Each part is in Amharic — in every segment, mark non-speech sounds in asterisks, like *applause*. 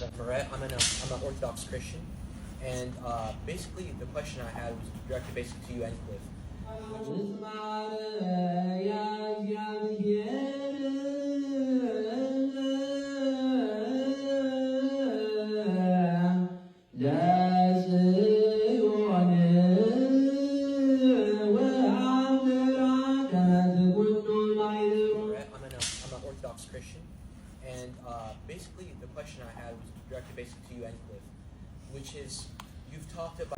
Joseph Moret. I'm an, I'm an Orthodox Christian. And uh, basically, the question I had was directed basically to you and Cliff.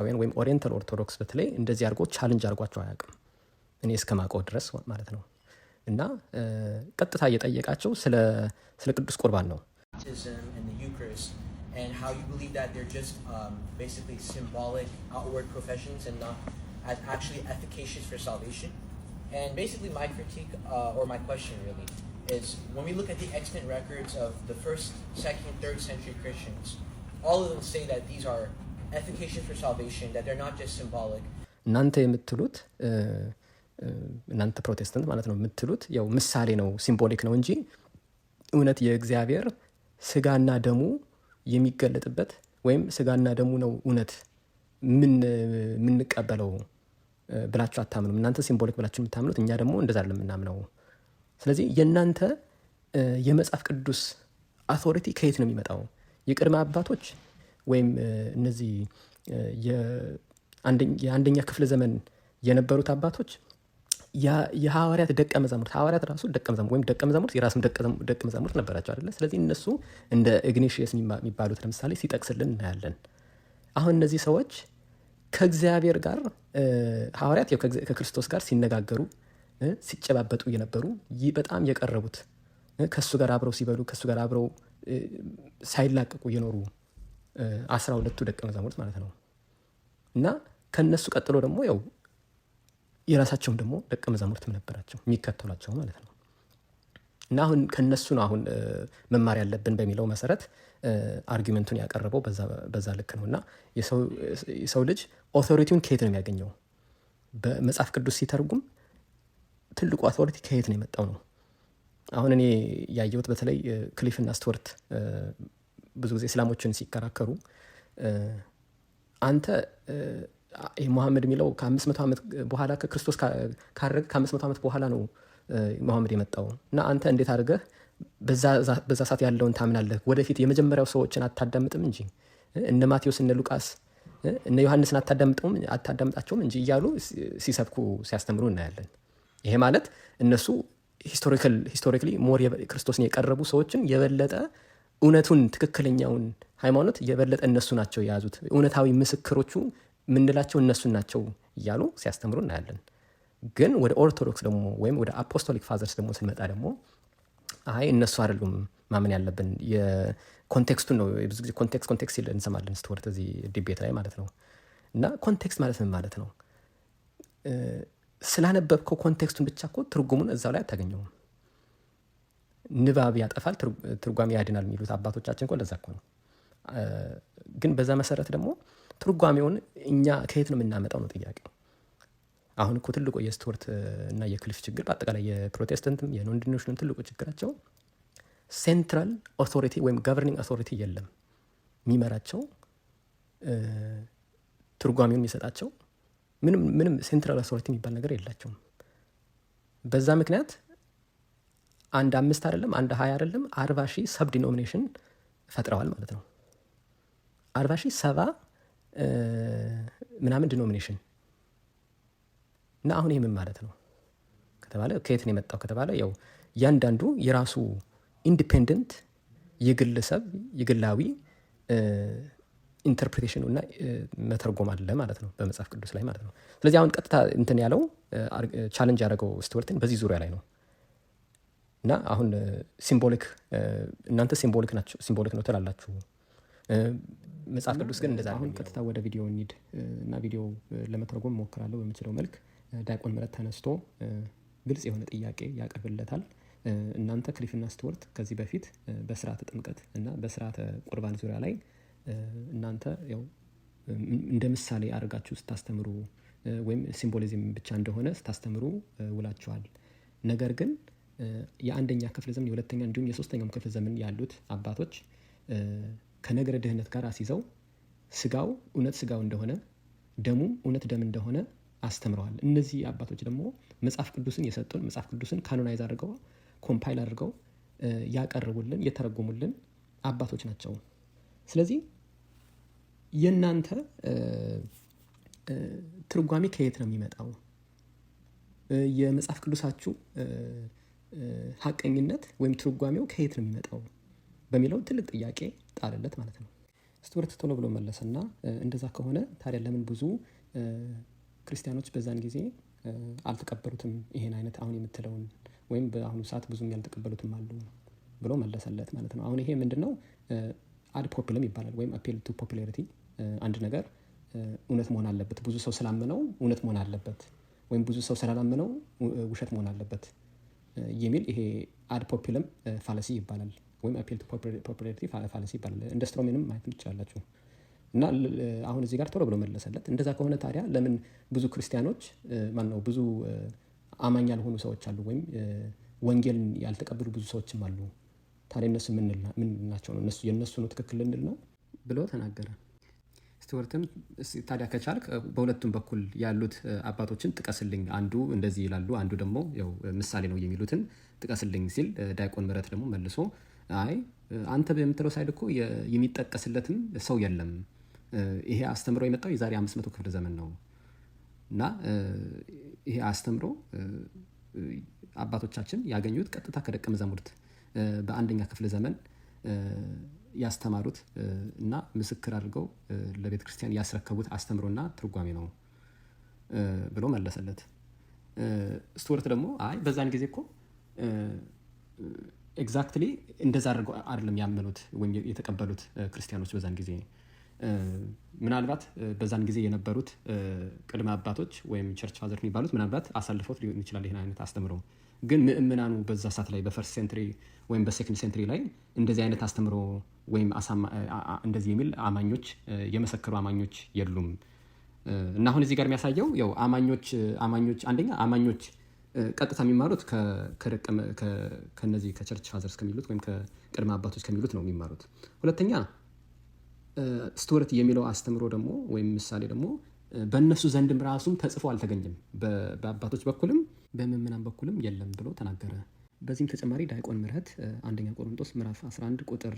ምዕራባውያን ወይም ኦሪየንታል ኦርቶዶክስ በተለይ እንደዚህ አድርጎ ቻለንጅ አድርጓቸው አያውቅም፣ እኔ እስከማውቀው ድረስ ማለት ነው። እና ቀጥታ እየጠየቃቸው ስለ ቅዱስ ቁርባን ነው። is when we look at the extant records of the first, second, third century Christians, all of them say that these are እናንተ የምትሉት እናንተ ፕሮቴስታንት ማለት ነው የምትሉት ያው ምሳሌ ነው፣ ሲምቦሊክ ነው እንጂ እውነት የእግዚአብሔር ስጋና ደሙ የሚገለጥበት ወይም ስጋና ደሙ ነው እውነት የምንቀበለው ብላችሁ አታምኑም። እናንተ ሲምቦሊክ ብላችሁ የምታምኑት፣ እኛ ደግሞ እንደዛ ለምናምነው ስለዚህ የእናንተ የመጽሐፍ ቅዱስ አውቶሪቲ ከየት ነው የሚመጣው? የቅድመ አባቶች ወይም እነዚህ የአንደኛ ክፍለ ዘመን የነበሩት አባቶች የሐዋርያት ደቀ መዛሙርት ሐዋርያት ራሱ ደቀ መዛሙርት ወይም ደቀ መዛሙርት የራሱም ደቀ መዛሙርት ነበራቸው አይደለ? ስለዚህ እነሱ እንደ ኢግኔሽየስ የሚባሉት ለምሳሌ ሲጠቅስልን እናያለን። አሁን እነዚህ ሰዎች ከእግዚአብሔር ጋር ሐዋርያት ከክርስቶስ ጋር ሲነጋገሩ ሲጨባበጡ የነበሩ በጣም የቀረቡት ከእሱ ጋር አብረው ሲበሉ ከእሱ ጋር አብረው ሳይላቀቁ የኖሩ አስራ ሁለቱ ደቀ መዛሙርት ማለት ነው እና ከነሱ ቀጥሎ ደግሞ ያው የራሳቸውም ደግሞ ደቀ መዛሙርትም ነበራቸው የሚከተሏቸው ማለት ነው እና አሁን ከነሱ ነው አሁን መማር ያለብን በሚለው መሰረት አርጊመንቱን ያቀረበው በዛ ልክ ነው እና የሰው ልጅ ኦቶሪቲውን ከየት ነው የሚያገኘው በመጽሐፍ ቅዱስ ሲተርጉም ትልቁ አቶሪቲ ከየት ነው የመጣው ነው አሁን እኔ ያየሁት በተለይ ክሊፍና ስትወርት። ብዙ ጊዜ እስላሞችን ሲከራከሩ አንተ ሙሐመድ የሚለው ከአምስት መቶ ዓመት በኋላ ከክርስቶስ ካረገ ከአምስት መቶ ዓመት በኋላ ነው መሐመድ የመጣው እና አንተ እንዴት አድርገህ በዛ ሰዓት ያለውን ታምናለህ? ወደፊት የመጀመሪያው ሰዎችን አታዳምጥም እንጂ እነ ማቴዎስ እነ ሉቃስ እነ ዮሐንስን አታዳምጣቸውም እንጂ እያሉ ሲሰብኩ ሲያስተምሩ እናያለን። ይሄ ማለት እነሱ ሂስቶሪካሊ ሞር ክርስቶስን የቀረቡ ሰዎችን የበለጠ እውነቱን ትክክለኛውን ሃይማኖት የበለጠ እነሱ ናቸው የያዙት እውነታዊ ምስክሮቹ ምንላቸው እነሱን ናቸው እያሉ ሲያስተምሩ እናያለን። ግን ወደ ኦርቶዶክስ ደግሞ ወይም ወደ አፖስቶሊክ ፋዘርስ ደግሞ ስንመጣ ደግሞ አይ እነሱ አይደሉም ማመን ያለብን የኮንቴክስቱ ነው። ብዙ ጊዜ ኮንቴክስት ኮንቴክስት እንሰማለን ስትወርት እዚህ ዲቤት ላይ ማለት ነው። እና ኮንቴክስት ማለት ምን ማለት ነው? ስላነበብከው ኮንቴክስቱን ብቻ ኮ ትርጉሙን እዛው ላይ አታገኘውም። ንባብ ያጠፋል ትርጓሜ ያድናል የሚሉት አባቶቻችን እኮ ለዛ ነው። ግን በዛ መሰረት ደግሞ ትርጓሜውን እኛ ከየት ነው የምናመጣው ነው ጥያቄ አሁን እኮ ትልቁ የስቱወርት እና የክልፍ ችግር በአጠቃላይ የፕሮቴስተንትም የኖንድኖሽንም ትልቁ ችግራቸው ሴንትራል ኦቶሪቲ ወይም ጋቨርኒንግ ኦቶሪቲ የለም። የሚመራቸው ትርጓሜውን የሚሰጣቸው ምንም ምንም ሴንትራል ኦቶሪቲ የሚባል ነገር የላቸውም። በዛ ምክንያት አንድ አምስት አይደለም አንድ ሀያ አይደለም አርባ ሺህ ሰብ ዲኖሚኔሽን ፈጥረዋል ማለት ነው። አርባ ሺህ ሰባ ምናምን ዲኖሚኔሽን እና አሁን ይህ ምን ማለት ነው ከተባለ ከየትን የመጣው ከተባለ ያው እያንዳንዱ የራሱ ኢንዲፔንደንት የግለሰብ የግላዊ ኢንተርፕሬቴሽኑ እና መተርጎም አለ ማለት ነው በመጽሐፍ ቅዱስ ላይ ማለት ነው። ስለዚህ አሁን ቀጥታ እንትን ያለው ቻለንጅ ያደረገው ስትወርትን በዚህ ዙሪያ ላይ ነው። እና አሁን ሲምቦሊክ እናንተ ሲምቦሊክ ናቸው ሲምቦሊክ ነው ትላላችሁ። መጽሐፍ ቅዱስ ግን እንደዛ አሁን ቀጥታ ወደ ቪዲዮ እኒድ እና ቪዲዮ ለመተርጎም እሞክራለሁ በምችለው መልክ። ዲያቆን መረት ተነስቶ ግልጽ የሆነ ጥያቄ ያቀርብለታል። እናንተ ክሊፍና ስትወርት ከዚህ በፊት በስርዓተ ጥምቀት እና በስርዓተ ቁርባን ዙሪያ ላይ እናንተ ያው እንደ ምሳሌ አድርጋችሁ ስታስተምሩ ወይም ሲምቦሊዝም ብቻ እንደሆነ ስታስተምሩ ውላችኋል። ነገር ግን የአንደኛ ክፍለ ዘመን የሁለተኛ እንዲሁም የሶስተኛውም ክፍለ ዘመን ያሉት አባቶች ከነገረ ድህነት ጋር አስይዘው ስጋው እውነት ስጋው እንደሆነ ደሙም እውነት ደም እንደሆነ አስተምረዋል። እነዚህ አባቶች ደግሞ መጽሐፍ ቅዱስን የሰጡን መጽሐፍ ቅዱስን ካኖናይዝ አድርገው ኮምፓይል አድርገው ያቀርቡልን የተረጎሙልን አባቶች ናቸው። ስለዚህ የእናንተ ትርጓሜ ከየት ነው የሚመጣው? የመጽሐፍ ቅዱሳችሁ ሀቀኝነት ወይም ትርጓሜው ከየት ነው የሚመጣው በሚለው ትልቅ ጥያቄ ጣለለት ማለት ነው። ስቱርት ቶሎ ብሎ መለሰና እንደዛ ከሆነ ታዲያ ለምን ብዙ ክርስቲያኖች በዛን ጊዜ አልተቀበሉትም ይሄን አይነት አሁን የምትለውን ወይም በአሁኑ ሰዓት ብዙም ያልተቀበሉትም አሉ ብሎ መለሰለት ማለት ነው። አሁን ይሄ ምንድን ነው አድ ፖፕለም ይባላል ወይም አፔል ቱ ፖፕላሪቲ። አንድ ነገር እውነት መሆን አለበት፣ ብዙ ሰው ስላመነው እውነት መሆን አለበት፣ ወይም ብዙ ሰው ስላላመነው ውሸት መሆን አለበት የሚል ይሄ አድ ፖፒለም ፋለሲ ይባላል፣ ወይም አፒል ፕሮፐርቲ ፋለሲ ይባላል። እንደ ስትሮሜንም ማየት ትችላላችሁ። እና አሁን እዚህ ጋር ቶሎ ብሎ መለሰለት። እንደዛ ከሆነ ታዲያ ለምን ብዙ ክርስቲያኖች ማን ነው ብዙ አማኝ ያልሆኑ ሰዎች አሉ፣ ወይም ወንጌልን ያልተቀበሉ ብዙ ሰዎችም አሉ። ታዲያ እነሱ ምን ናቸው ነው የእነሱ ነው ትክክል ልንል ነው ብሎ ተናገረ። ስቲዋርትም ታዲያ ከቻልክ በሁለቱም በኩል ያሉት አባቶችን ጥቀስልኝ፣ አንዱ እንደዚህ ይላሉ፣ አንዱ ደግሞ ያው ምሳሌ ነው የሚሉትን ጥቀስልኝ ሲል ዲያቆን ምህረት ደግሞ መልሶ አይ አንተ በምትለው ሳይል እኮ የሚጠቀስለትም ሰው የለም፣ ይሄ አስተምሮ የመጣው የዛሬ መቶ ክፍለ ዘመን ነው እና ይሄ አስተምሮ አባቶቻችን ያገኙት ቀጥታ ከደቀ መዛሙርት በአንደኛ ክፍለ ዘመን ያስተማሩት እና ምስክር አድርገው ለቤተ ክርስቲያን ያስረከቡት አስተምሮና ትርጓሜ ነው ብሎ መለሰለት። ስቱወርት ደግሞ አይ በዛን ጊዜ እኮ ኤግዛክትሊ እንደዛ አድርገው አይደለም ያመኑት ወይም የተቀበሉት ክርስቲያኖች በዛን ጊዜ ምናልባት በዛን ጊዜ የነበሩት ቅድመ አባቶች ወይም ቸርች ፋዘር የሚባሉት ምናልባት አሳልፈውት ሊሆን ይችላል ይህን አይነት አስተምሮ ግን ምእምናኑ በዛ ሰዓት ላይ በፈርስት ሴንትሪ ወይም በሴኮንድ ሴንትሪ ላይ እንደዚህ አይነት አስተምሮ ወይም እንደዚህ የሚል አማኞች የመሰከሩ አማኞች የሉም እና አሁን እዚህ ጋር የሚያሳየው ው አማኞች አማኞች አንደኛ አማኞች ቀጥታ የሚማሩት ከነዚህ ከቸርች ፋዘርስ ከሚሉት ወይም ከቅድመ አባቶች ከሚሉት ነው የሚማሩት። ሁለተኛ ስቱወርት የሚለው አስተምሮ ደግሞ ወይም ምሳሌ ደግሞ በእነሱ ዘንድም ራሱም ተጽፎ አልተገኘም። በአባቶች በኩልም በምዕመናን በኩልም የለም ብሎ ተናገረ። በዚህም ተጨማሪ ዲያቆን ምህረት አንደኛ ቆሮንጦስ ምዕራፍ 11 ቁጥር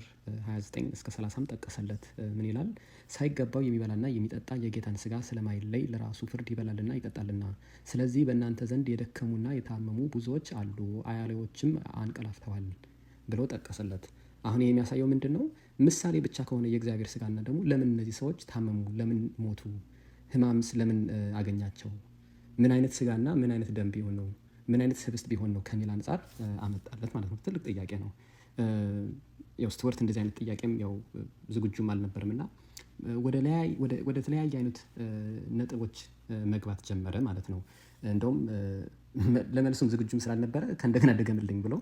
29 እስከ 30 ጠቀሰለት። ምን ይላል? ሳይገባው የሚበላና የሚጠጣ የጌታን ስጋ ስለማይለይ ለራሱ ፍርድ ይበላልና ይጠጣልና። ስለዚህ በእናንተ ዘንድ የደከሙና የታመሙ ብዙዎች አሉ፣ አያሌዎችም አንቀላፍተዋል ብሎ ጠቀሰለት። አሁን የሚያሳየው ምንድን ነው? ምሳሌ ብቻ ከሆነ የእግዚአብሔር ስጋና ደግሞ ለምን እነዚህ ሰዎች ታመሙ? ለምን ሞቱ? ህማምስ ለምን አገኛቸው? ምን አይነት ስጋና ምን አይነት ደም ቢሆን ነው ምን አይነት ህብስት ቢሆን ነው ከሚል አንጻር አመጣለት ማለት ነው። ትልቅ ጥያቄ ነው። ያው ስትወርት እንደዚህ አይነት ጥያቄም ያው ዝግጁም አልነበርም እና ወደ ተለያየ አይነት ነጥቦች መግባት ጀመረ ማለት ነው። እንደውም ለመልሱም ዝግጁም ስላልነበረ ከእንደገና ደገምልኝ ብሎ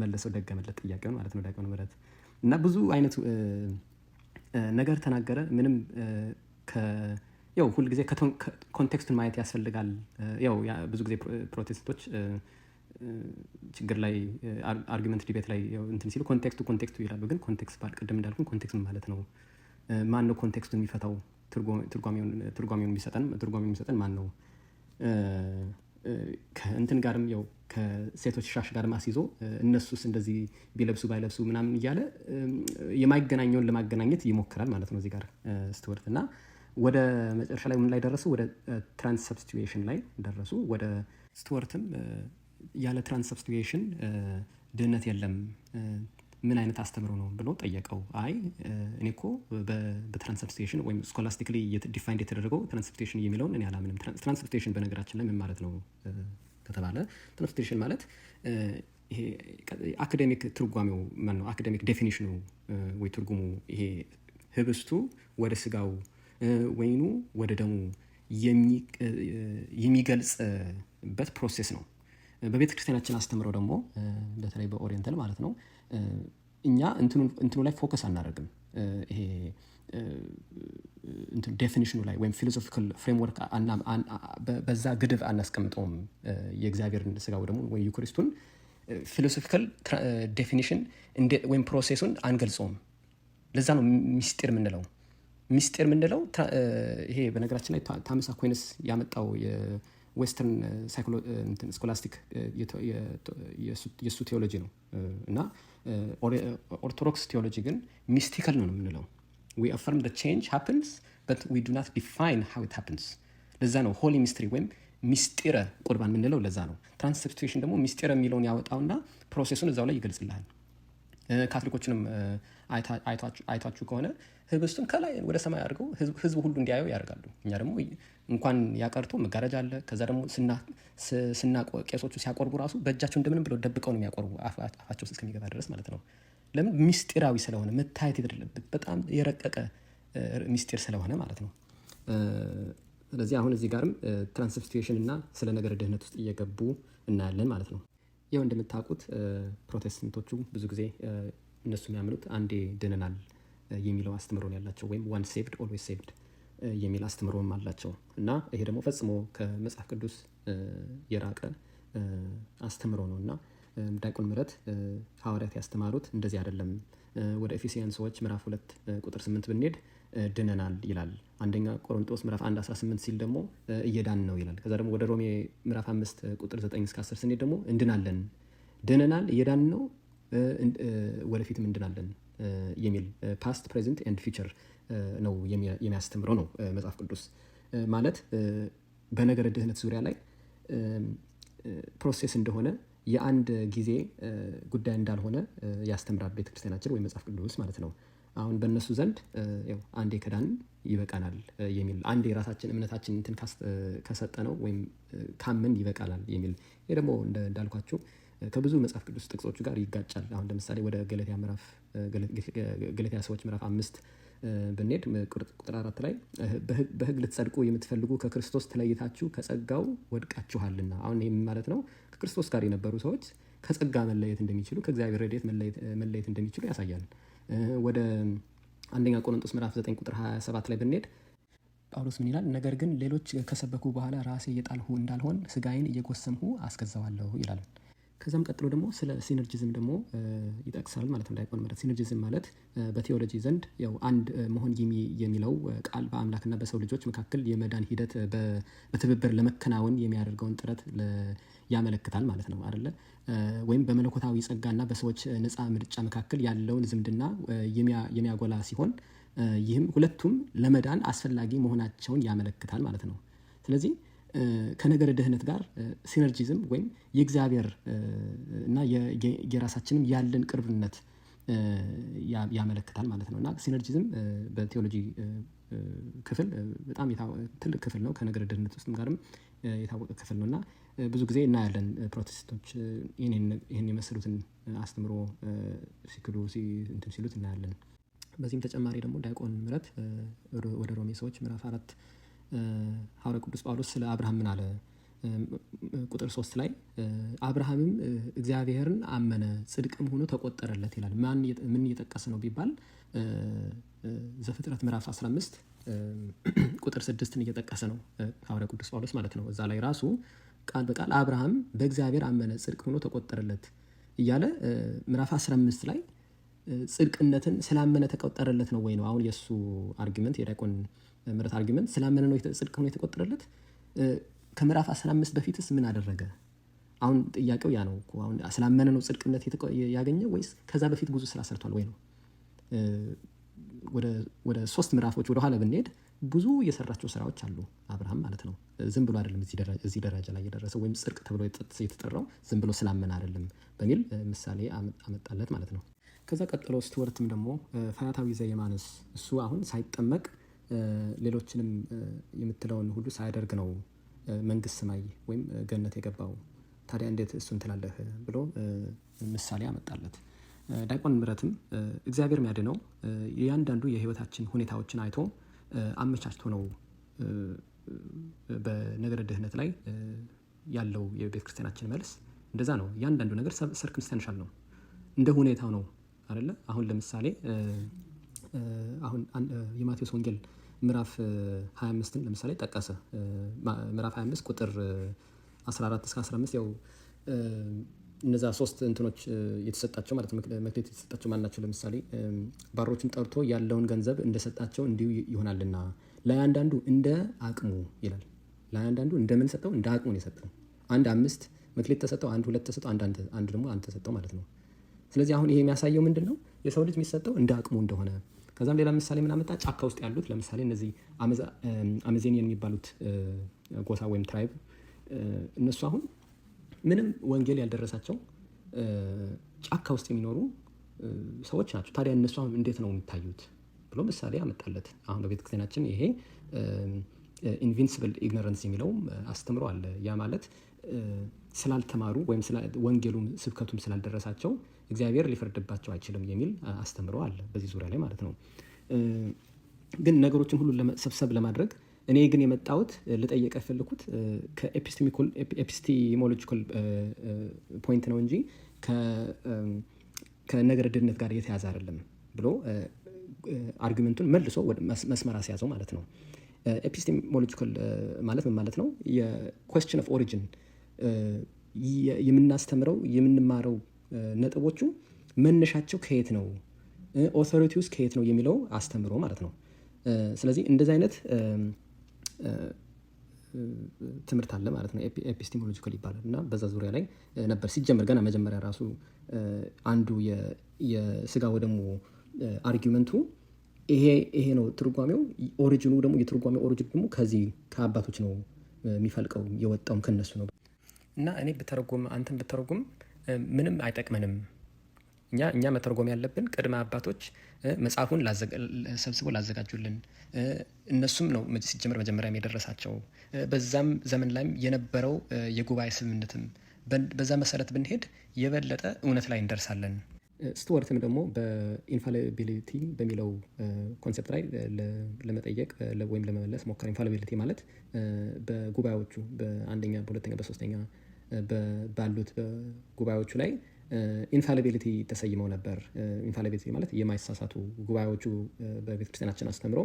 መልሰው ደገመለት ጥያቄውን ማለት ነው። ዲያቆን ምህረት እና ብዙ አይነት ነገር ተናገረ ምንም ያው ጊዜ ኮንቴክስቱን ማየት ያስፈልጋል። ያው ብዙ ጊዜ ፕሮቴስቶች ችግር ላይ አርጊመንት ዲቤት ላይ እንትን ሲሉ ኮንቴክስቱ ኮንቴክስቱ ይላሉ። ግን ኮንቴክስት ባል ቅድም እንዳልኩ ኮንቴክስት ማለት ነው። ማን ነው ኮንቴክስቱ የሚፈታው? ትርጓሚውን የሚሰጠን ትርጓሚውን የሚሰጠን ማን ነው? ከእንትን ጋርም ያው ከሴቶች ሻሽ ጋርም አስይዞ እነሱስ እንደዚህ ቢለብሱ ባይለብሱ ምናምን እያለ የማይገናኘውን ለማገናኘት ይሞክራል ማለት ነው እዚህ ጋር ስትወርት እና ወደ መጨረሻ ላይ ምን ላይ ደረሱ? ወደ ትራንስ ሰብስቲዌሽን ላይ ደረሱ። ወደ ስቱወርትም ያለ ትራንስ ሰብስቲዌሽን ድህነት የለም ምን አይነት አስተምሮ ነው ብሎ ጠየቀው። አይ እኔ እኮ በትራንስብስቴሽን ወይም ስኮላስቲክሊ ዲፋይንድ የተደረገው ትራንስብስቴሽን የሚለውን እኔ አላምንም። ትራንስብስቴሽን በነገራችን ላይ ምን ማለት ነው ከተባለ ትራንስብስቴሽን ማለት ይሄ አካዴሚክ ትርጓሜው ማነው አካዴሚክ ዴፊኒሽኑ ወይ ትርጉሙ ይሄ ህብስቱ ወደ ስጋው ወይኑ ወደ ደሙ የሚገልጽበት ፕሮሴስ ነው። በቤተ ክርስቲያናችን አስተምረው ደግሞ በተለይ በኦሪየንታል ማለት ነው እኛ እንትኑ ላይ ፎከስ አናደርግም። ይሄ ዴፊኒሽኑ ላይ ወይም ፊሎሶፊካል ፍሬምወርክ በዛ ግድብ አናስቀምጠውም። የእግዚአብሔርን ስጋ ደግሞ ወይ ዩክሪስቱን ፊሎሶፊካል ዴፊኒሽን ወይም ፕሮሴሱን አንገልጸውም። ለዛ ነው ሚስጢር የምንለው። ሚስጢር የምንለው ይሄ በነገራችን ላይ ታምስ አኳይነስ ያመጣው የዌስተርን ስኮላስቲክ የእሱ ቴዎሎጂ ነው እና ኦርቶዶክስ ቴዎሎጂ ግን ሚስቲካል ነው የምንለው ዊ አፈርም ቼንጅ ሃፕንስ በት ዊ ዱ ናት ዲፋይን ሃው ኢት ሃፕንስ ለዛ ነው ሆሊ ሚስትሪ ወይም ሚስጢረ ቁርባን የምንለው ለዛ ነው ትራንስሰብስቲቱሽን ደግሞ ሚስጢረ የሚለውን ያወጣውና ፕሮሴሱን እዛው ላይ ይገልጽልሃል ካትሊኮችንም አይታችሁ ከሆነ ህብስቱን ከላይ ወደ ሰማይ አድርገው ህዝብ ሁሉ እንዲያዩ ያደርጋሉ። እኛ ደግሞ እንኳን ያቀርቶ መጋረጃ አለ። ከዛ ደግሞ ስና ቄሶቹ ሲያቆርቡ ራሱ በእጃቸው እንደምንም ብለው ደብቀው ነው የሚያቆርቡ አፋቸው እስከሚገባ ድረስ ማለት ነው። ለምን ሚስጢራዊ ስለሆነ መታየት የደለበት በጣም የረቀቀ ሚስጢር ስለሆነ ማለት ነው። ስለዚህ አሁን እዚህ ጋርም ትራንስብስቲዩሽን እና ስለ ነገር ድህነት ውስጥ እየገቡ እናያለን ማለት ነው። ያው እንደምታውቁት ፕሮቴስታንቶቹ ብዙ ጊዜ እነሱ የሚያምኑት አንዴ ድነናል የሚለው አስተምሮ ነው ያላቸው፣ ወይም ዋን ሴቭድ ኦልዌይስ ሴቭድ የሚል አስተምሮም አላቸው እና ይሄ ደግሞ ፈጽሞ ከመጽሐፍ ቅዱስ የራቀ አስተምሮ ነው እና ዳቁን ምረት ሐዋርያት ያስተማሩት እንደዚህ አይደለም። ወደ ኤፌሲያን ሰዎች ምዕራፍ ሁለት ቁጥር ስምንት ብንሄድ ድነናል ይላል። አንደኛ ቆሮንጦስ ምዕራፍ 1 18 ሲል ደግሞ እየዳን ነው ይላል። ከዛ ደግሞ ወደ ሮሜ ምዕራፍ 5 ቁጥር 9 እስከ 10 ስንሄድ ደግሞ እንድናለን፣ ድነናል፣ እየዳን ነው፣ ወደፊትም እንድናለን የሚል ፓስት ፕሬዘንት ኤንድ ፊውቸር ነው የሚያስተምረው ነው መጽሐፍ ቅዱስ ማለት በነገረ ድህነት ዙሪያ ላይ ፕሮሴስ እንደሆነ የአንድ ጊዜ ጉዳይ እንዳልሆነ ያስተምራል ቤተክርስቲያናችን ወይም መጽሐፍ ቅዱስ ማለት ነው። አሁን በእነሱ ዘንድ ያው አንዴ ከዳንን ይበቃናል የሚል አንዴ የራሳችን እምነታችን እንትን ከሰጠ ነው ወይም ካምን ይበቃናል የሚል ይህ ደግሞ እንዳልኳቸው ከብዙ መጽሐፍ ቅዱስ ጥቅሶቹ ጋር ይጋጫል። አሁን ለምሳሌ ወደ ገለትያ ምዕራፍ ገለትያ ሰዎች ምዕራፍ አምስት ብንሄድ ቁጥር አራት ላይ በሕግ ልትጸድቁ የምትፈልጉ ከክርስቶስ ተለይታችሁ ከጸጋው ወድቃችኋልና። አሁን ይህም ማለት ነው ከክርስቶስ ጋር የነበሩ ሰዎች ከጸጋ መለየት እንደሚችሉ፣ ከእግዚአብሔር ረድኤት መለየት እንደሚችሉ ያሳያል። ወደ አንደኛ ቆሮንጦስ ምዕራፍ 9 ቁጥር 27 ላይ ብንሄድ ጳውሎስ ምን ይላል? ነገር ግን ሌሎች ከሰበኩ በኋላ ራሴ እየጣልሁ እንዳልሆን ስጋዬን እየጎሰምሁ አስገዛዋለሁ ይላል። ከዛም ቀጥሎ ደግሞ ስለ ሲነርጂዝም ደግሞ ይጠቅሳል ማለት ነው ዲያቆን ሲነርጂዝም ማለት በቴዎሎጂ ዘንድ ያው አንድ መሆን የሚለው ቃል በአምላክና በሰው ልጆች መካከል የመዳን ሂደት በትብብር ለመከናወን የሚያደርገውን ጥረት ያመለክታል ማለት ነው አይደለ? ወይም በመለኮታዊ ጸጋና በሰዎች ነፃ ምርጫ መካከል ያለውን ዝምድና የሚያጎላ ሲሆን ይህም ሁለቱም ለመዳን አስፈላጊ መሆናቸውን ያመለክታል ማለት ነው። ስለዚህ ከነገረ ድህነት ጋር ሲነርጂዝም ወይም የእግዚአብሔር እና የራሳችንም ያለን ቅርብነት ያመለክታል ማለት ነው እና ሲነርጂዝም በቴዎሎጂ ክፍል በጣም ትልቅ ክፍል ነው። ከነገረ ድህነት ውስጥም ጋርም የታወቀ ክፍል ነው እና ብዙ ጊዜ እናያለን ፕሮቴስቶች ይህን የመሰሉትን አስተምሮ ሲክሉ እንትን ሲሉት እናያለን። በዚህም ተጨማሪ ደግሞ ዲያቆን ምረት ወደ ሮሜ ሰዎች ምዕራፍ አራት ሐዋርያ ቅዱስ ጳውሎስ ስለ አብርሃም ምን አለ? ቁጥር ሶስት ላይ አብርሃምም እግዚአብሔርን አመነ ጽድቅም ሆኖ ተቆጠረለት ይላል። ምን እየጠቀሰ ነው ቢባል ዘፍጥረት ምዕራፍ 15 *clears throat* ቁጥር ስድስትን እየጠቀሰ ነው ሐዋርያ ቅዱስ ጳውሎስ ማለት ነው። እዛ ላይ ራሱ ቃል በቃል አብርሃም በእግዚአብሔር አመነ ጽድቅ ሆኖ ተቆጠረለት እያለ ምዕራፍ 15 ላይ ጽድቅነትን ስላመነ ተቆጠረለት ነው ወይ ነው አሁን የእሱ አርጊመንት የዲያቆን ምረት አርጊመንት ስላመነ ነው ጽድቅ ሆኖ የተቆጠረለት። ከምዕራፍ 15 በፊትስ ምን አደረገ? አሁን ጥያቄው ያ ነው። ስላመነ ነው ጽድቅነት ያገኘ ወይስ ከዛ በፊት ብዙ ስራ ሰርቷል ወይ ነው? ወደ ሶስት ምዕራፎች ወደኋላ ብንሄድ ብዙ የሰራቸው ስራዎች አሉ አብርሃም ማለት ነው። ዝም ብሎ አይደለም እዚህ ደረጃ ላይ የደረሰ ወይም ጽድቅ ተብሎ የተጠራው ዝም ብሎ ስላመነ አይደለም በሚል ምሳሌ አመጣለት ማለት ነው። ከዛ ቀጥሎ ስትወርትም ደግሞ ፈያታዊ ዘየማነስ እሱ አሁን ሳይጠመቅ ሌሎችንም የምትለውን ሁሉ ሳያደርግ ነው መንግስት ሰማይ ወይም ገነት የገባው ታዲያ እንዴት እሱን ትላለህ ብሎ ምሳሌ አመጣለት። ዲያቆን ምረትም እግዚአብሔር የሚያድነው እያንዳንዱ የህይወታችን ሁኔታዎችን አይቶ አመቻችቶ ነው በነገረ ድህነት ላይ ያለው የቤተ ክርስቲያናችን መልስ እንደዛ ነው። እያንዳንዱ ነገር ሰርክምስተንሻል ነው፣ እንደ ሁኔታው ነው አለ አሁን ለምሳሌ አሁን የማቴዎስ ወንጌል ምዕራፍ 25ን ለምሳሌ ጠቀሰ። ምዕራፍ 25 ቁጥር 14 እስከ 15 ያው እነዛ ሶስት እንትኖች የተሰጣቸው ማለት መክሌት የተሰጣቸው ማን ናቸው? ለምሳሌ ባሮችን ጠርቶ ያለውን ገንዘብ እንደሰጣቸው እንዲሁ ይሆናልና ለአንዳንዱ እንደ አቅሙ ይላል። ለአንዳንዱ እንደምን ሰጠው? እንደ አቅሙ የሰጠው አንድ አምስት መክሌት ተሰጠው፣ አንድ ሁለት ተሰጠው፣ አንድ ደግሞ አንድ ተሰጠው ማለት ነው። ስለዚህ አሁን ይሄ የሚያሳየው ምንድን ነው? የሰው ልጅ የሚሰጠው እንደ አቅሙ እንደሆነ ከዛም ሌላ ምሳሌ ምናመጣ ጫካ ውስጥ ያሉት ለምሳሌ እነዚህ አመዜን የሚባሉት ጎሳ ወይም ትራይብ እነሱ አሁን ምንም ወንጌል ያልደረሳቸው ጫካ ውስጥ የሚኖሩ ሰዎች ናቸው። ታዲያ እነሱ አሁን እንዴት ነው የሚታዩት ብሎ ምሳሌ አመጣለት። አሁን በቤተ ክርስቲያናችን ይሄ ኢንቪንስብል ኢግኖረንስ የሚለውም አስተምሮ አለ። ያ ማለት ስላልተማሩ ወይም ወንጌሉም ስብከቱም ስላልደረሳቸው እግዚአብሔር ሊፈርድባቸው አይችልም የሚል አስተምሮ አለ በዚህ ዙሪያ ላይ ማለት ነው። ግን ነገሮችን ሁሉ ሰብሰብ ለማድረግ እኔ ግን የመጣሁት ልጠየቀ የፈለኩት ከኤፒስቲሞሎጂካል ፖይንት ነው እንጂ ከነገረ ድህነት ጋር የተያዘ አይደለም ብሎ አርጊመንቱን መልሶ መስመር አስያዘው ማለት ነው። ኤፒስቲሞሎጂካል ማለት ምን ማለት ነው? የኮስችን ኦፍ ኦሪጂን የምናስተምረው የምንማረው ነጥቦቹ መነሻቸው ከየት ነው፣ ኦቶሪቲ ውስጥ ከየት ነው የሚለው አስተምሮ ማለት ነው። ስለዚህ እንደዚህ አይነት ትምህርት አለ ማለት ነው። ኤፒስቴሞሎጂካል ይባላል እና በዛ ዙሪያ ላይ ነበር ሲጀምር ገና መጀመሪያ ራሱ አንዱ የስጋ ወደሞ አርጊመንቱ ይሄ ይሄ ነው ትርጓሜው። ኦሪጂኑ ደግሞ የትርጓሜው ኦሪጂን ደግሞ ከዚህ ከአባቶች ነው የሚፈልቀው የወጣውም ከነሱ ነው። እና እኔ ብተረጎም አንተን ብተረጎም ምንም አይጠቅመንም። እኛ እኛ መተርጎም ያለብን ቅድመ አባቶች መጽሐፉን ሰብስቦ ላዘጋጁልን እነሱም ነው ሲጀምር መጀመሪያም የደረሳቸው በዛም ዘመን ላይም የነበረው የጉባኤ ስምምነትም በዛ መሰረት ብንሄድ የበለጠ እውነት ላይ እንደርሳለን። ስቱዋርትም ደግሞ በኢንፋሊቢሊቲ በሚለው ኮንሰፕት ላይ ለመጠየቅ ወይም ለመመለስ ሞከረ። ኢንፋሊቢሊቲ ማለት በጉባኤዎቹ በአንደኛ፣ በሁለተኛ፣ በሶስተኛ ባሉት ጉባኤዎቹ ላይ ኢንፋሊቢሊቲ ተሰይመው ነበር። ኢንፋሊቢሊቲ ማለት የማይሳሳቱ ጉባኤዎቹ በቤተክርስቲያናችን አስተምሮ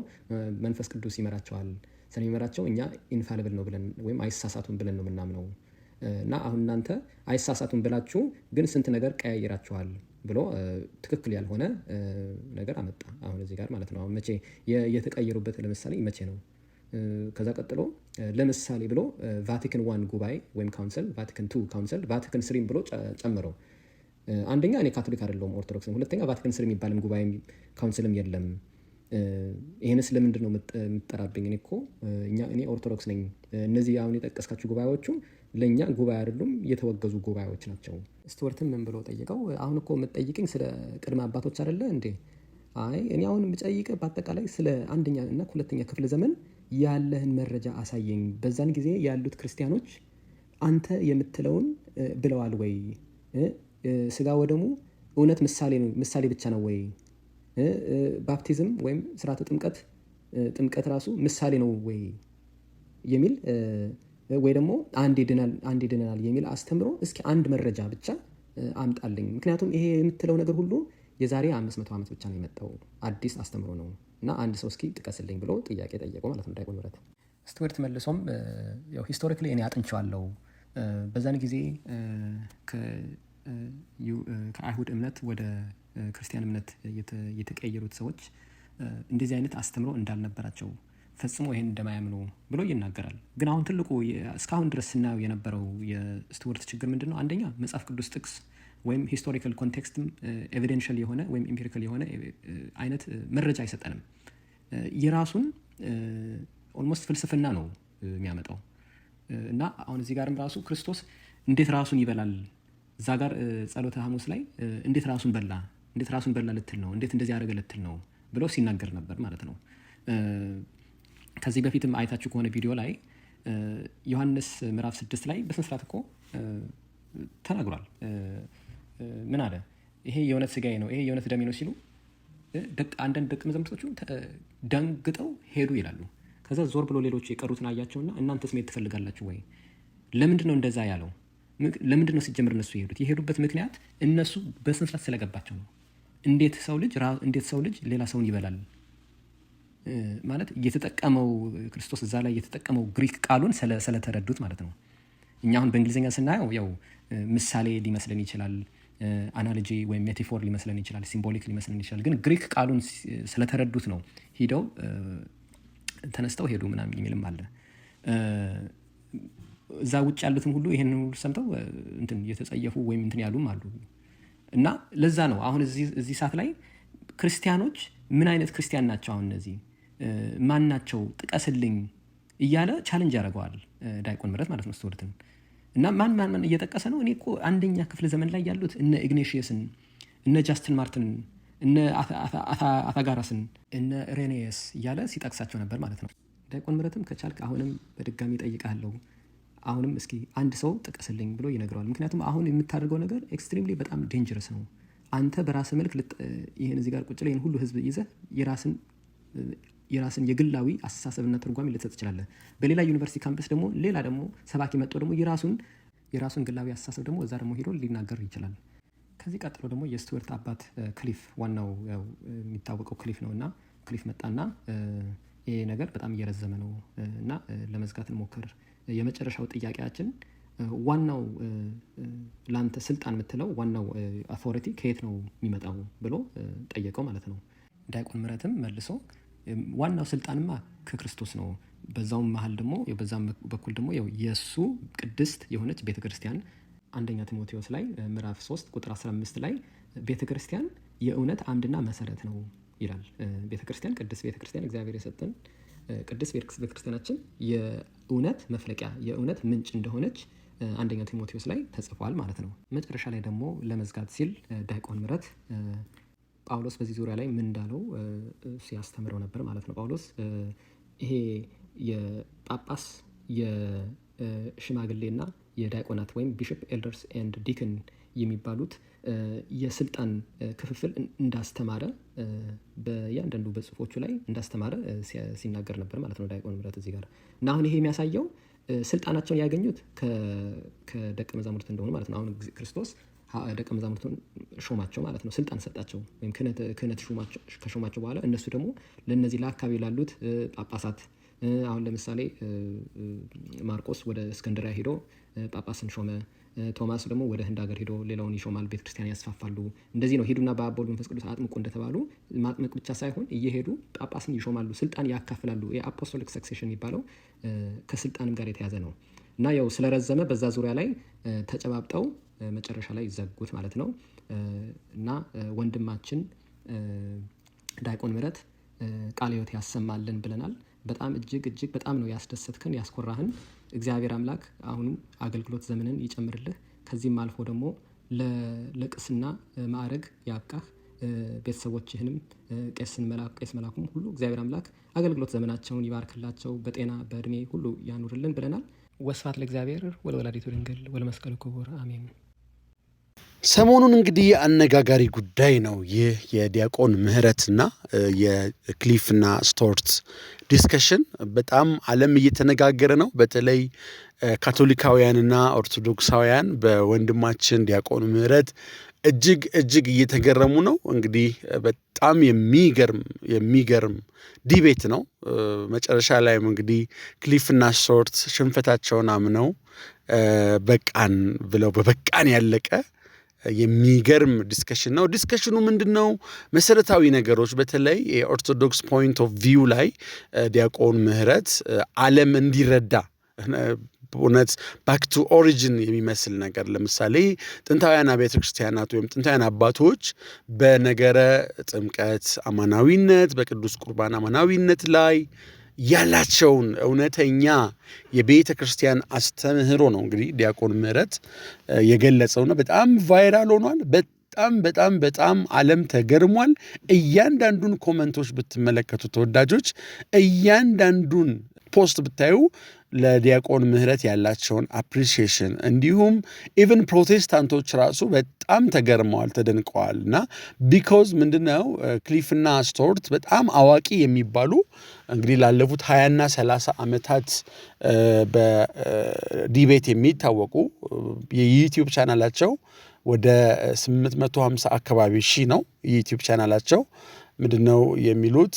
መንፈስ ቅዱስ ይመራቸዋል ስለሚመራቸው እኛ ኢንፋሊብል ነው ብለን ወይም አይሳሳቱን ብለን ነው የምናምነው እና አሁን እናንተ አይሳሳቱን ብላችሁ ግን ስንት ነገር ቀያይራችኋል ብሎ ትክክል ያልሆነ ነገር አመጣ። አሁን እዚህ ጋር ማለት ነው። አሁን መቼ የተቀየሩበት ለምሳሌ መቼ ነው ከዛ ቀጥሎ ለምሳሌ ብሎ ቫቲካን ዋን ጉባኤ ወይም ካውንስል፣ ቫቲካን ቱ ካውንስል፣ ቫቲካን ስሪም ብሎ ጨምረው። አንደኛ እኔ ካቶሊክ አይደለሁም ኦርቶዶክስ፣ ሁለተኛ ቫቲካን ስሪ የሚባልም ጉባኤ ካውንስልም የለም። ይህንስ ለምንድን ነው የምጠራብኝ? እኔ እኮ እኛ እኔ ኦርቶዶክስ ነኝ። እነዚህ አሁን የጠቀስካቸው ጉባኤዎቹ ለእኛ ጉባኤ አይደሉም፣ የተወገዙ ጉባኤዎች ናቸው። ስቱወርትን ምን ብሎ ጠይቀው፣ አሁን እኮ የምጠይቅኝ ስለ ቅድመ አባቶች አይደለ እንዴ? አይ እኔ አሁን የምጨይቅ በአጠቃላይ ስለ አንደኛ እና ሁለተኛ ክፍለ ዘመን ያለህን መረጃ አሳየኝ። በዛን ጊዜ ያሉት ክርስቲያኖች አንተ የምትለውን ብለዋል ወይ? ስጋ ወደሙ እውነት ምሳሌ ብቻ ነው ወይ? ባፕቲዝም ወይም ስርዓተ ጥምቀት ጥምቀት ራሱ ምሳሌ ነው ወይ የሚል ወይ ደግሞ አንድ ይድነናል የሚል አስተምሮ እስኪ አንድ መረጃ ብቻ አምጣልኝ። ምክንያቱም ይሄ የምትለው ነገር ሁሉ የዛሬ አምስት መቶ ዓመት ብቻ ነው የመጣው አዲስ አስተምሮ ነው። እና አንድ ሰው እስኪ ጥቀስልኝ ብሎ ጥያቄ ጠየቁ ማለት ነው ዲያቆን ምህረት። ስትዌርት መልሶም ያው ሂስቶሪክሊ እኔ አጥንቸዋለሁ በዛን ጊዜ ከአይሁድ እምነት ወደ ክርስቲያን እምነት የተቀየሩት ሰዎች እንደዚህ አይነት አስተምሮ እንዳልነበራቸው ፈጽሞ ይሄን እንደማያምኑ ብሎ ይናገራል። ግን አሁን ትልቁ እስካሁን ድረስ ስናየው የነበረው የስትወርት ችግር ምንድን ነው? አንደኛ መጽሐፍ ቅዱስ ጥቅስ ወይም ሂስቶሪካል ኮንቴክስትም ኤቪደንሻል የሆነ ወይም ኤምፒሪካል የሆነ eh, eh, አይነት eh, መረጃ አይሰጠንም። የራሱን ኦልሞስት ፍልስፍና ነው የሚያመጣው እና አሁን እዚህ ጋርም ራሱ ክርስቶስ እንዴት ራሱን ይበላል እዛ ጋር ጸሎተ ሐሙስ ላይ እንዴት ራሱን በላ እንዴት ራሱን በላ ልትል ነው እንዴት እንደዚህ ያደረገ ልትል ነው ብለው ሲናገር ነበር ማለት ነው። ከዚህ በፊትም አይታችሁ ከሆነ ቪዲዮ ላይ ዮሐንስ ምዕራፍ ስድስት ላይ በስነስርዓት እኮ ተናግሯል። ምን አለ ይሄ የእውነት ስጋዬ ነው፣ ይሄ የእውነት ደሜ ነው ሲሉ አንዳንድ ደቀ መዛሙርቶቹ ደንግጠው ሄዱ ይላሉ። ከዛ ዞር ብሎ ሌሎቹ የቀሩትን አያቸውና እናንተ ስሜት ትፈልጋላችሁ ወይ? ለምንድን ነው እንደዛ ያለው? ለምንድን ነው ሲጀምር እነሱ የሄዱት? የሄዱበት ምክንያት እነሱ በስንስላት ስለገባቸው ነው። እንዴት ሰው ልጅ እንዴት ሰው ልጅ ሌላ ሰውን ይበላል? ማለት እየተጠቀመው ክርስቶስ እዛ ላይ እየተጠቀመው ግሪክ ቃሉን ስለተረዱት ማለት ነው። እኛ አሁን በእንግሊዝኛ ስናየው ያው ምሳሌ ሊመስለን ይችላል አናሎጂ ወይም ሜታፎር ሊመስለን ይችላል፣ ሲምቦሊክ ሊመስለን ይችላል። ግን ግሪክ ቃሉን ስለተረዱት ነው ሂደው ተነስተው ሄዱ ምናምን የሚልም አለ። እዛ ውጭ ያሉትም ሁሉ ይህን ሁሉ ሰምተው እንትን እየተጸየፉ ወይም እንትን ያሉም አሉ። እና ለዛ ነው አሁን እዚህ ሰዓት ላይ ክርስቲያኖች ምን አይነት ክርስቲያን ናቸው? አሁን እነዚህ ማን ናቸው? ጥቀስልኝ እያለ ቻለንጅ ያደርገዋል ዲያቆን ምረት ማለት ነው እና ማን ማን ማን እየጠቀሰ ነው? እኔ እኮ አንደኛ ክፍለ ዘመን ላይ ያሉት እነ ኢግኔሽየስን፣ እነ ጃስትን ማርትን፣ እነ አታጋራስን፣ እነ ሬኔየስ እያለ ሲጠቅሳቸው ነበር ማለት ነው። ዲያቆን ምህረትም ከቻልክ አሁንም በድጋሚ ጠይቃለሁ፣ አሁንም እስኪ አንድ ሰው ጥቀስልኝ ብሎ ይነግረዋል። ምክንያቱም አሁን የምታደርገው ነገር ኤክስትሪምሊ በጣም ዴንጀረስ ነው። አንተ በራስህ መልክ ይህን እዚህ ጋር ቁጭ ላይ ይህን ሁሉ ህዝብ ይዘህ የራስን የራስን የግላዊ አስተሳሰብና ትርጓሜ ልትሰጥ ትችላለህ። በሌላ ዩኒቨርሲቲ ካምፕስ ደግሞ ሌላ ደግሞ ሰባኪ መጥቶ ደግሞ የራሱን የራሱን ግላዊ አስተሳሰብ ደግሞ እዛ ደግሞ ሄዶ ሊናገር ይችላል። ከዚህ ቀጥሎ ደግሞ የስቱዌርት አባት ክሊፍ ዋናው የሚታወቀው ክሊፍ ነው እና ክሊፍ መጣና ይሄ ነገር በጣም እየረዘመ ነው እና ለመዝጋት እንሞክር። የመጨረሻው ጥያቄያችን ዋናው ለአንተ ስልጣን የምትለው ዋናው አውቶሪቲ ከየት ነው የሚመጣው ብሎ ጠየቀው ማለት ነው። ዲያቆን ምህረትም መልሶ ዋናው ስልጣንማ ከክርስቶስ ነው። በዛውም መሀል ደግሞ በዛም በኩል ደግሞ የእሱ ቅድስት የሆነች ቤተ ክርስቲያን አንደኛ ቲሞቴዎስ ላይ ምዕራፍ 3 ቁጥር 15 ላይ ቤተ ክርስቲያን የእውነት አምድና መሰረት ነው ይላል። ቤተ ክርስቲያን ቅድስት ቤተ ክርስቲያን እግዚአብሔር የሰጠን ቅድስት ቤተ ክርስቲያናችን የእውነት መፍለቂያ የእውነት ምንጭ እንደሆነች አንደኛ ቲሞቴዎስ ላይ ተጽፏል ማለት ነው። መጨረሻ ላይ ደግሞ ለመዝጋት ሲል ዲያቆን ምረት ጳውሎስ በዚህ ዙሪያ ላይ ምን እንዳለው ሲያስተምረው ነበር ማለት ነው። ጳውሎስ ይሄ የጳጳስ የሽማግሌና የዲያቆናት ወይም ቢሽፕ ኤልደርስ ኤንድ ዲክን የሚባሉት የስልጣን ክፍፍል እንዳስተማረ በእያንዳንዱ በጽሁፎቹ ላይ እንዳስተማረ ሲናገር ነበር ማለት ነው። ዲያቆን ምረት እዚህ ጋር እና አሁን ይሄ የሚያሳየው ስልጣናቸውን ያገኙት ከደቀ መዛሙርት እንደሆኑ ማለት ነው። አሁን ክርስቶስ ደቀ መዛሙርቱን ሾማቸው ማለት ነው። ስልጣን ሰጣቸው ወይም ክህነት ከሾማቸው በኋላ እነሱ ደግሞ ለእነዚህ ለአካባቢ ላሉት ጳጳሳት አሁን ለምሳሌ ማርቆስ ወደ እስክንድሪያ ሄዶ ጳጳስን ሾመ። ቶማስ ደግሞ ወደ ህንድ ሀገር ሄዶ ሌላውን ይሾማል፣ ቤተክርስቲያን ያስፋፋሉ። እንደዚህ ነው። ሂዱና በአብ በወልድ ቅዱስ አጥምቁ እንደተባሉ ማጥመቅ ብቻ ሳይሆን እየሄዱ ጳጳስን ይሾማሉ፣ ስልጣን ያካፍላሉ። የአፖስቶሊክ ሰክሴሽን የሚባለው ከስልጣንም ጋር የተያዘ ነው እና ያው ስለረዘመ በዛ ዙሪያ ላይ ተጨባብጠው መጨረሻ ላይ ዘጉት ማለት ነው እና ወንድማችን ዳይቆን ምረት ቃለ ሕይወት ያሰማልን ብለናል። በጣም እጅግ እጅግ በጣም ነው ያስደሰትክን ያስኮራህን። እግዚአብሔር አምላክ አሁንም አገልግሎት ዘመንን ይጨምርልህ። ከዚህም አልፎ ደግሞ ለቅስና ማዕረግ ያብቃህ። ቤተሰቦችህንም ቄስን ቄስ መላኩም ሁሉ እግዚአብሔር አምላክ አገልግሎት ዘመናቸውን ይባርክላቸው፣ በጤና በእድሜ ሁሉ ያኑርልን ብለናል። ወስፋት ለእግዚአብሔር ወለወላዲቱ ድንግል ወለመስቀሉ ክቡር አሜን። ሰሞኑን እንግዲህ አነጋጋሪ ጉዳይ ነው ይህ የዲያቆን ምህረትና የክሊፍና ስቶርት ዲስከሽን በጣም ዓለም እየተነጋገረ ነው። በተለይ ካቶሊካውያንና ኦርቶዶክሳውያን በወንድማችን ዲያቆን ምህረት እጅግ እጅግ እየተገረሙ ነው። እንግዲህ በጣም የሚገርም የሚገርም ዲቤት ነው። መጨረሻ ላይም እንግዲህ ክሊፍና ስቱዋርት ሽንፈታቸውን አምነው በቃን ብለው በበቃን ያለቀ የሚገርም ዲስከሽን ነው። ዲስከሽኑ ምንድን ነው? መሰረታዊ ነገሮች በተለይ የኦርቶዶክስ ፖይንት ኦፍ ቪው ላይ ዲያቆን ምህረት ዓለም እንዲረዳ እውነት ባክ ቱ ኦሪጂን የሚመስል ነገር ለምሳሌ ጥንታውያን አብያተ ክርስቲያናት ወይም ጥንታውያን አባቶች በነገረ ጥምቀት አማናዊነት፣ በቅዱስ ቁርባን አማናዊነት ላይ ያላቸውን እውነተኛ የቤተ ክርስቲያን አስተምህሮ ነው እንግዲህ ዲያቆን ምህረት የገለጸውና በጣም ቫይራል ሆኗል። በጣም በጣም በጣም ዓለም ተገርሟል። እያንዳንዱን ኮመንቶች ብትመለከቱ ተወዳጆች፣ እያንዳንዱን ፖስት ብታዩ ለዲያቆን ምህረት ያላቸውን አፕሪሺዬሽን እንዲሁም ኢቨን ፕሮቴስታንቶች ራሱ በጣም ተገርመዋል፣ ተደንቀዋል። እና ቢኮዝ ምንድነው ክሊፍና ስቶርት በጣም አዋቂ የሚባሉ እንግዲህ ላለፉት ሀያና ሰላሳ ዓመታት በዲቤት የሚታወቁ የዩቲዩብ ቻናላቸው ወደ 850 አካባቢ ሺ ነው የዩቲዩብ ቻናላቸው ምንድነው የሚሉት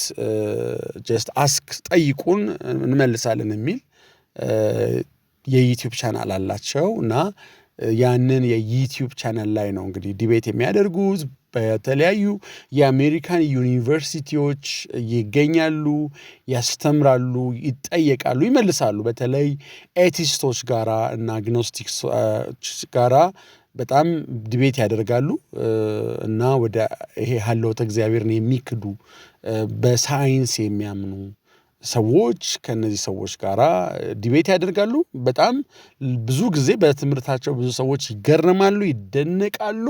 ጀስት አስክ ጠይቁን እንመልሳለን የሚል የዩቲዩብ ቻናል አላቸው እና ያንን የዩቲዩብ ቻናል ላይ ነው እንግዲህ ዲቤት የሚያደርጉት። በተለያዩ የአሜሪካን ዩኒቨርሲቲዎች ይገኛሉ፣ ያስተምራሉ፣ ይጠየቃሉ፣ ይመልሳሉ። በተለይ ኤቲስቶች ጋራ እና አግኖስቲክሶች ጋራ በጣም ዲቤት ያደርጋሉ እና ወደ ይሄ ሀለወተ እግዚአብሔርን የሚክዱ በሳይንስ የሚያምኑ ሰዎች ከነዚህ ሰዎች ጋር ዲቤት ያደርጋሉ። በጣም ብዙ ጊዜ በትምህርታቸው ብዙ ሰዎች ይገረማሉ፣ ይደነቃሉ።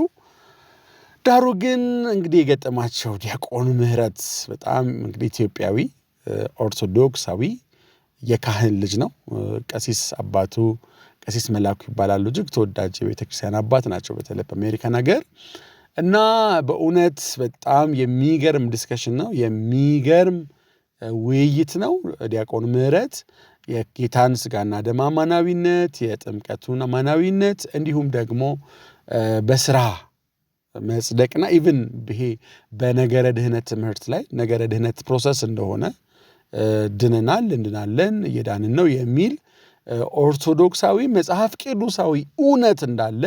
ዳሩ ግን እንግዲህ የገጠማቸው ዲያቆን ምህረት በጣም እንግዲህ ኢትዮጵያዊ ኦርቶዶክሳዊ የካህን ልጅ ነው። ቀሲስ አባቱ ቀሲስ መላኩ ይባላሉ። እጅግ ተወዳጅ የቤተ ክርስቲያን አባት ናቸው፣ በተለይ በአሜሪካ ነገር እና በእውነት በጣም የሚገርም ዲስከሽን ነው የሚገርም ውይይት ነው። ዲያቆን ምህረት የጌታን ስጋና ደም አማናዊነት፣ የጥምቀቱን አማናዊነት እንዲሁም ደግሞ በስራ መጽደቅና ኢቭን ይሄ በነገረ ድህነት ትምህርት ላይ ነገረ ድህነት ፕሮሰስ እንደሆነ ድነናል፣ እንድናለን፣ እየዳንን ነው የሚል ኦርቶዶክሳዊ መጽሐፍ ቅዱሳዊ እውነት እንዳለ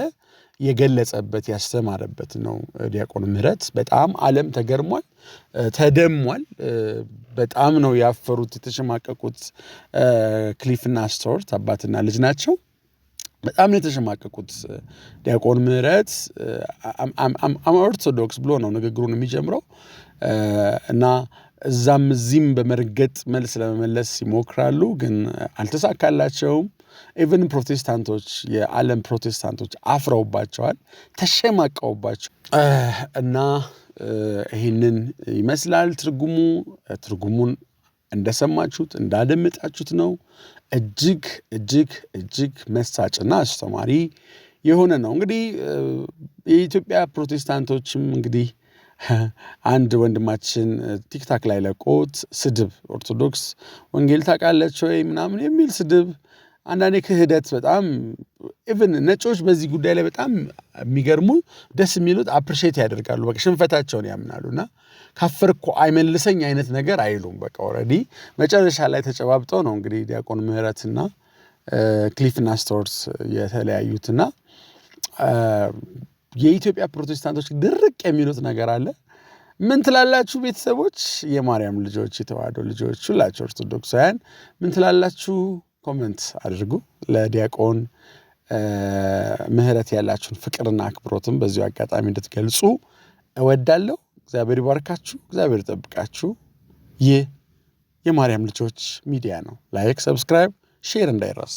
የገለጸበት ያስተማረበት ነው። ዲያቆን ምህረት በጣም ዓለም ተገርሟል፣ ተደሟል። በጣም ነው ያፈሩት የተሸማቀቁት። ክሊፍና ስቱዋርት አባትና ልጅ ናቸው። በጣም ነው የተሸማቀቁት። ዲያቆን ምህረት አም ኦርቶዶክስ ብሎ ነው ንግግሩን የሚጀምረው እና እዛም እዚህም በመርገጥ መልስ ለመመለስ ይሞክራሉ፣ ግን አልተሳካላቸውም። ኢቨን ፕሮቴስታንቶች የዓለም ፕሮቴስታንቶች አፍረውባቸዋል፣ ተሸማቀውባቸው እና ይህንን ይመስላል ትርጉሙ። ትርጉሙን እንደሰማችሁት እንዳደመጣችሁት ነው። እጅግ እጅግ እጅግ መሳጭና አስተማሪ የሆነ ነው። እንግዲህ የኢትዮጵያ ፕሮቴስታንቶችም እንግዲህ አንድ ወንድማችን ቲክታክ ላይ ለቆት ስድብ ኦርቶዶክስ ወንጌል ታውቃለች ወይ ምናምን የሚል ስድብ አንዳንዴ ክህደት በጣም ኢቨን ነጮች በዚህ ጉዳይ ላይ በጣም የሚገርሙ ደስ የሚሉት አፕሪሼት ያደርጋሉ። በቃ ሽንፈታቸውን ያምናሉ እና እኮ አይመልሰኝ አይነት ነገር አይሉም። በቃ ኦልሬዲ መጨረሻ ላይ ተጨባብጠው ነው እንግዲህ ዲያቆን ምህረትና ክሊፍና ስቶርስ የተለያዩትና የኢትዮጵያ ፕሮቴስታንቶች ድርቅ የሚሉት ነገር አለ። ምን ትላላችሁ ቤተሰቦች? የማርያም ልጆች የተዋህዶ ልጆች ሁላችሁ ኦርቶዶክሳውያን ምን ትላላችሁ? ኮመንት አድርጉ። ለዲያቆን ምህረት ያላችሁን ፍቅርና አክብሮትም በዚሁ አጋጣሚ እንድትገልጹ እወዳለሁ። እግዚአብሔር ይባርካችሁ፣ እግዚአብሔር ይጠብቃችሁ። ይህ የማርያም ልጆች ሚዲያ ነው። ላይክ፣ ሰብስክራይብ፣ ሼር እንዳይረሳ።